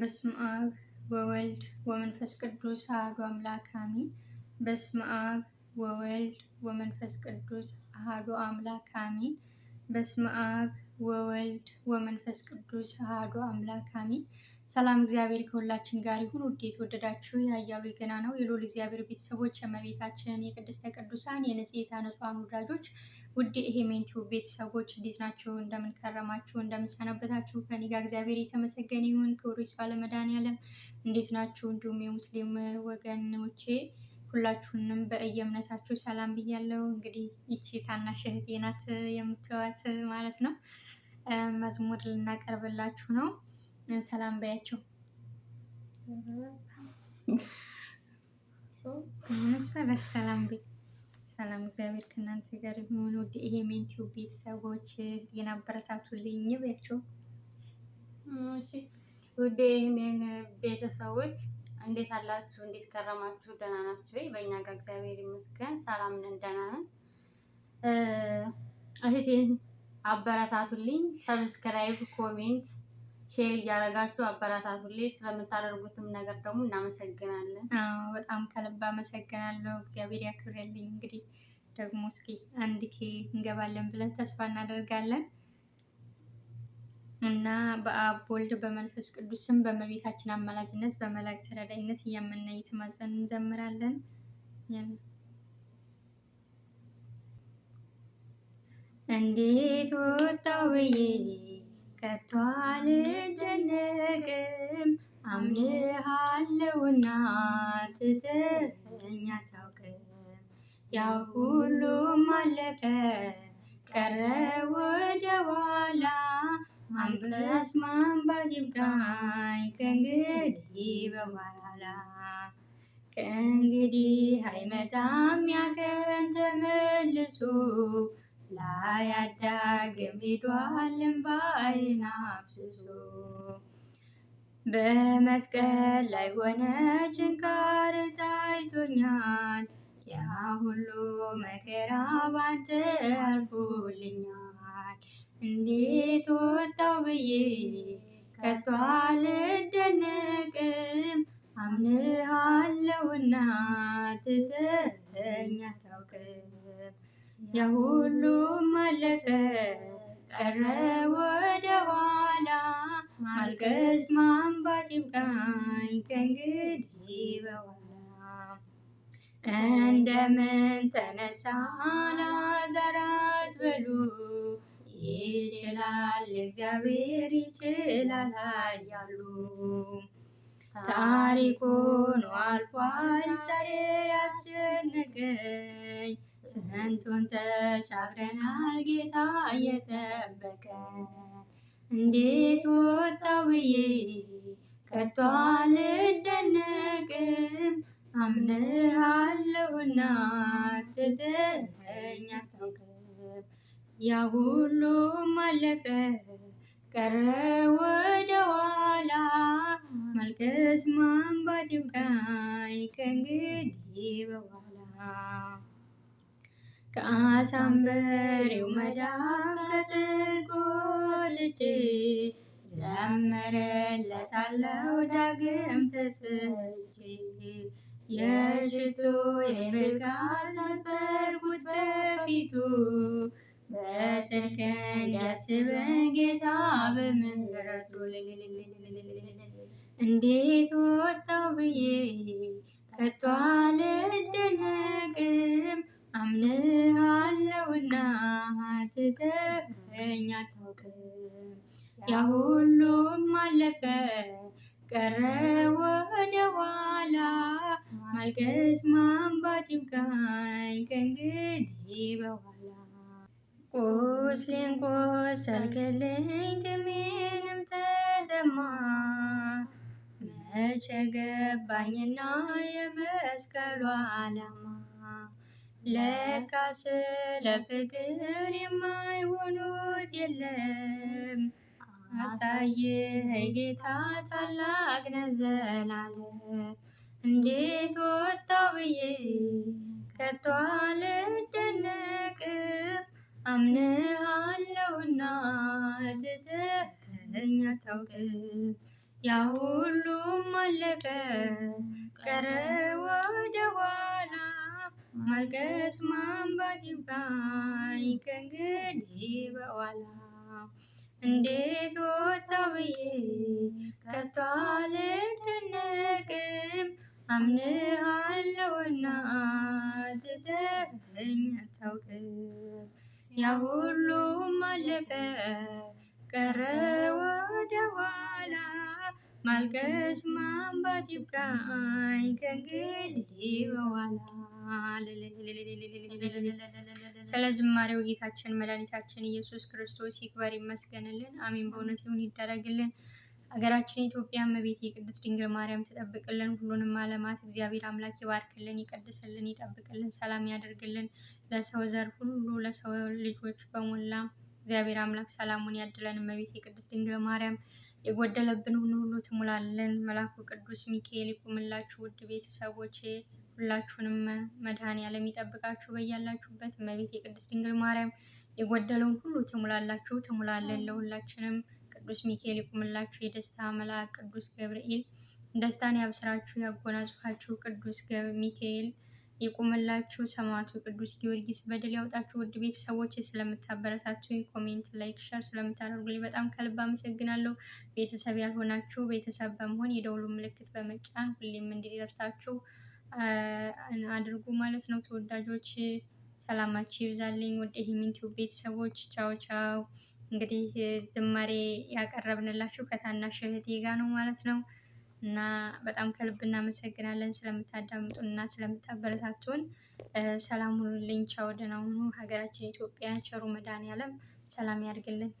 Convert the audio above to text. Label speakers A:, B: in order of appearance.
A: በስመ አብ ወወልድ ወመንፈስ ቅዱስ አሐዱ አምላክ አሜን። በስመ አብ ወወልድ ወመንፈስ ቅዱስ አሐዱ አምላክ አሜን። በስመ አብ ወወልድ ወመንፈስ ቅዱስ አሐዱ አምላክ አሜን። ሰላም እግዚአብሔር ከሁላችን ጋር ይሁን። ውድ የተወደዳችሁ ያያሉ የገና ነው የሎል እግዚአብሔር ቤተሰቦች የመቤታችን የቅድስተ ቅዱሳን የንጽሕተ ንጹሐን ወዳጆች ውድ ሜንቲው ቤተሰቦች እንዴት ናችሁ? እንደምንከረማችሁ፣ እንደምንሰናበታችሁ ከኔ ጋር እግዚአብሔር የተመሰገነ ይሁን። ክብሩ ይስፋ ለመድኃኒዓለም። እንዴት ናችሁ? እንዲሁም የሙስሊም ወገኖቼ ሁላችሁንም በእየእምነታችሁ ሰላም ብያለሁ። እንግዲህ ይቺ ታናሽ እህቴ ናት የምትዋት ማለት ነው መዝሙር ልናቀርብላችሁ ነው ሰላም በያቸው። ሰላም ቤት ሰላም፣ እግዚአብሔር ከእናንተ ጋር የሚሆን ውድ የሜን ቲዩብ ቤተሰቦች የናበረታቱልኝ በያቸው።
B: ውድ የሜን ቤተሰቦች እንዴት አላችሁ? እንዴት ከረማችሁ? ደህና ናችሁ ወይ? በእኛ ጋር እግዚአብሔር ይመስገን ሰላም ነን፣ ደህና ነን። እህቴን አበረታቱልኝ፣ ሰብስክራይብ፣ ኮሜንት ሼር እያደረጋችሁ አበረታቱልኝ። ስለምታደርጉትም ነገር ደግሞ እናመሰግናለን።
A: በጣም ከልብ አመሰግናለሁ። እግዚአብሔር ያክብርልኝ። እንግዲህ ደግሞ እስኪ አንድ ኬ እንገባለን ብለን ተስፋ እናደርጋለን እና በአብ ወልድ በመንፈስ ቅዱስም በመቤታችን አማላጅነት በመላእክት ተረዳይነት እያመና እየተማጸን እንዘምራለን። እንዴት ወጣው ብዬ ከቶ አልደነቅም አምንሃለውና ትተኸኝ አታውቅም። ያው ሁሉም አለፈ ቀረ ወደ ኋላ ማምጠስ ማንባት ይብቃኝ ከእንግዲህ በኋላ ከእንግዲህ አይመጣም ያቀን ተመልሶ ላይ አዳግም ሄዷል እምባዬን በመስቀል ላይ ሆነ ችንካር ታይቶኛል። ያ ሁሉ መከራ ባንተ አልፎልኛል። እንዴት ወጣው ብዬ ከቶ አልደነቅም። አምንሃለሁና ትተኸኝ አታውቅም። ያ ሁሉም አለፈ ቀረ ወደ ኋላ ማልቀስ ማንባት ይብቃኝ ከእንግዲህ በኋላ። እንደምን ተነሳ ላዛር አትበሉ ይችላል እግዚአብሔር ይችላል እያሉ ታሪኩን አልፏል ዛሬ ያስጨነቀኝ ስንቱን ተሻግረናል ጌታ እየጠበቀ እንዴት ወጣውዬ ከቶ አልደነቅም። አምንሃለሁና ትተኸኝ አታውቅም። ያ ሁሉም አለፈ ቀረ ወደኋላ ማልቀስ ማንባት ይብቃኝ ከእንግዲህ በኋላ ከአሳንበሬው መዳን ከጥር ጎልጄ ዘምርለታለሁ ዳግም ተሰጄ የሽቱ የበጋ ሰበርኩት በፊቱ በሰከንድ ያስበን ጌታ በምህረቱ እንዴት ወጣው ብዬ ከቷ ልደነቅ ያ ሁሉም አለፈ ቀረ ወደ ኋላ ማልቀስ ማንባት ይብቃኝ ከእንግዲህ በኋላ ቁስሌን ቆሰልክልኝ ትሜንም ተጠማ መቼ ገባኝና የመስቀሉ ዓላማ ለካ ለፍቅር የማይሆኑት የለም። አሳየ ጌታ ታላቅ ነህ እንዴት ወጣው ብዬ ከቶ አልደነቅ አምንሃለሁና ትተኸኝ አታውቅም። ያ ሁሉም አለቀ ቀረ ወደ ኋላ ማልቀስ ማንባት ይብቃኝ ከእንግዲህ በኋላ እንዴት ወጣሁ ብዬ ከቶ አልደነቅም። አምንሃለሁና ትተኸኝ አታውቅም። ያ ሁሉም አለፈ ቀረ ወደ ኋላ ማልቀስ ማንባት ይብቃኝ ከእንግዲህ በኋላ። ስለ ዝማሬው ጌታችን መድኃኒታችን ኢየሱስ ክርስቶስ ይክበር ይመስገንልን። አሜን። በእውነት ይሁን ይደረግልን። ሀገራችን ኢትዮጵያ መቤት የቅድስት ድንግል ማርያም ትጠብቅልን። ሁሉንም ዓለማት እግዚአብሔር አምላክ ይባርክልን፣ ይቀድስልን፣ ይጠብቅልን፣ ሰላም ያደርግልን። ለሰው ዘር ሁሉ ለሰው ልጆች በሞላ እግዚአብሔር አምላክ ሰላሙን ያድለን። እመቤት የቅድስት ድንግል ማርያም የጎደለብን ሁሉ ትሙላለን። መልአኩ ቅዱስ ሚካኤል ይቁምላችሁ። ውድ ቤተሰቦቼ ሁላችሁንም መድኃኔዓለም ይጠብቃችሁ በያላችሁበት። እመቤት የቅድስት ድንግል ማርያም የጎደለውን ሁሉ ትሙላላችሁ፣ ትሙላለን ለሁላችንም። ቅዱስ ሚካኤል ይቁምላችሁ። የደስታ መልአክ ቅዱስ ገብርኤል ደስታን ያብስራችሁ፣ ያጎናጽፋችሁ። ቅዱስ ሚካኤል የቆመላችሁ ሰማዕቱ ቅዱስ ጊዮርጊስ በድል ያውጣችሁ። ውድ ቤተሰቦች ስለምታበረታችሁ ኮሜንት፣ ላይክ፣ ሸር ስለምታደርጉልኝ በጣም ከልብ አመሰግናለሁ። ቤተሰብ ያልሆናችሁ ቤተሰብ በመሆን የደውሉ ምልክት በመጫን ሁሌም እንዲደርሳችሁ አድርጉ ማለት ነው። ተወዳጆች ሰላማችሁ ይብዛልኝ። ወደ ይህሚን ቤተሰቦች ቻው ቻው። እንግዲህ ዝማሬ ያቀረብንላችሁ ከታናሽ እህቴ ጋር ነው ማለት ነው። እና በጣም ከልብ እናመሰግናለን ስለምታዳምጡን እና ስለምታበረታቱን። ሰላም ሁኑልኝ። ቻው፣ ደህና ሁኑ። ሀገራችን ኢትዮጵያ ቸሩ መድኃኔዓለም ሰላም ያድርግልን።